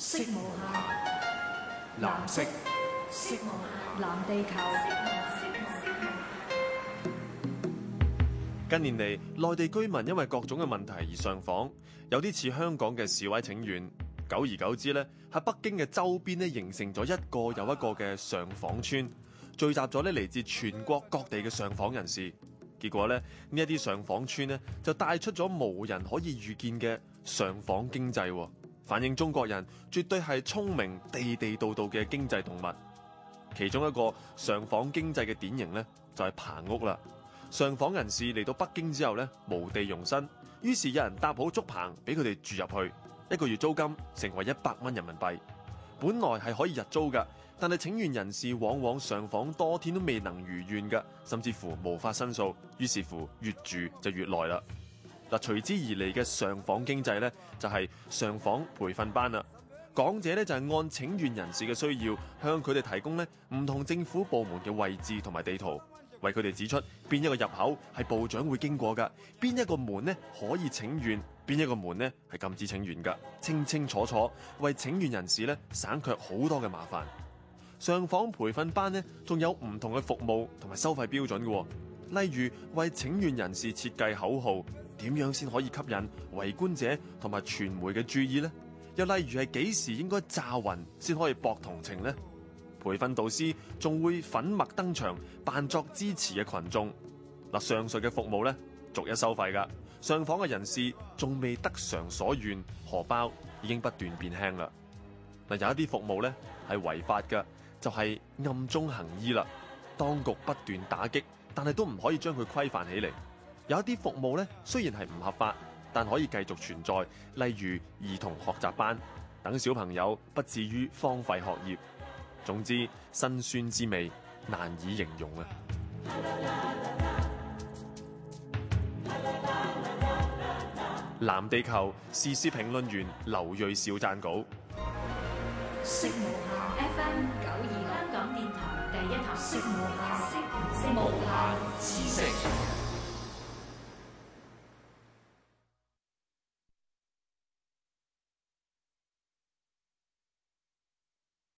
色無下藍色。色無下，藍地球。近年嚟，內地居民因為各種嘅問題而上訪，有啲似香港嘅示威請願。久而久之呢，喺北京嘅周邊呢，形成咗一個又一個嘅上訪村，聚集咗呢嚟自全國各地嘅上訪人士。結果呢，呢一啲上訪村呢就帶出咗無人可以預見嘅上訪經濟。反映中國人絕對係聰明，地地道道嘅經濟動物。其中一個上訪經濟嘅典型呢，就係棚屋啦。上訪人士嚟到北京之後呢，無地容身，於是有人搭好竹棚俾佢哋住入去，一個月租金成為一百蚊人民幣。本來係可以日租嘅，但係請願人士往往上訪多天都未能如願嘅，甚至乎無法申訴，於是乎越住就越耐啦。嗱，隨之而嚟嘅上訪經濟咧，就係上訪培訓班啦。講者咧就係按請願人士嘅需要，向佢哋提供呢唔同政府部門嘅位置同埋地圖，為佢哋指出邊一個入口係部長會經過嘅，邊一個門咧可以請願，邊一個門咧係禁止請願嘅，清清楚楚，為請願人士咧省卻好多嘅麻煩。上訪培訓班呢，仲有唔同嘅服務同埋收費標準嘅，例如為請願人士設計口號。點樣先可以吸引圍觀者同埋傳媒嘅注意呢？又例如係幾時應該詐暈先可以博同情呢？培訓導師仲會粉墨登場，扮作支持嘅群眾。嗱，上述嘅服務咧，逐一收費噶。上訪嘅人士仲未得償所願，荷包已經不斷變輕啦。嗱，有一啲服務咧係違法噶，就係暗中行醫啦。當局不斷打擊，但係都唔可以將佢規範起嚟。有一啲服務咧，雖然係唔合法，但可以繼續存在，例如兒童學習班，等小朋友不至於荒廢學業。總之，辛酸之味難以形容啊！藍地球時事評論員劉銳紹撰稿。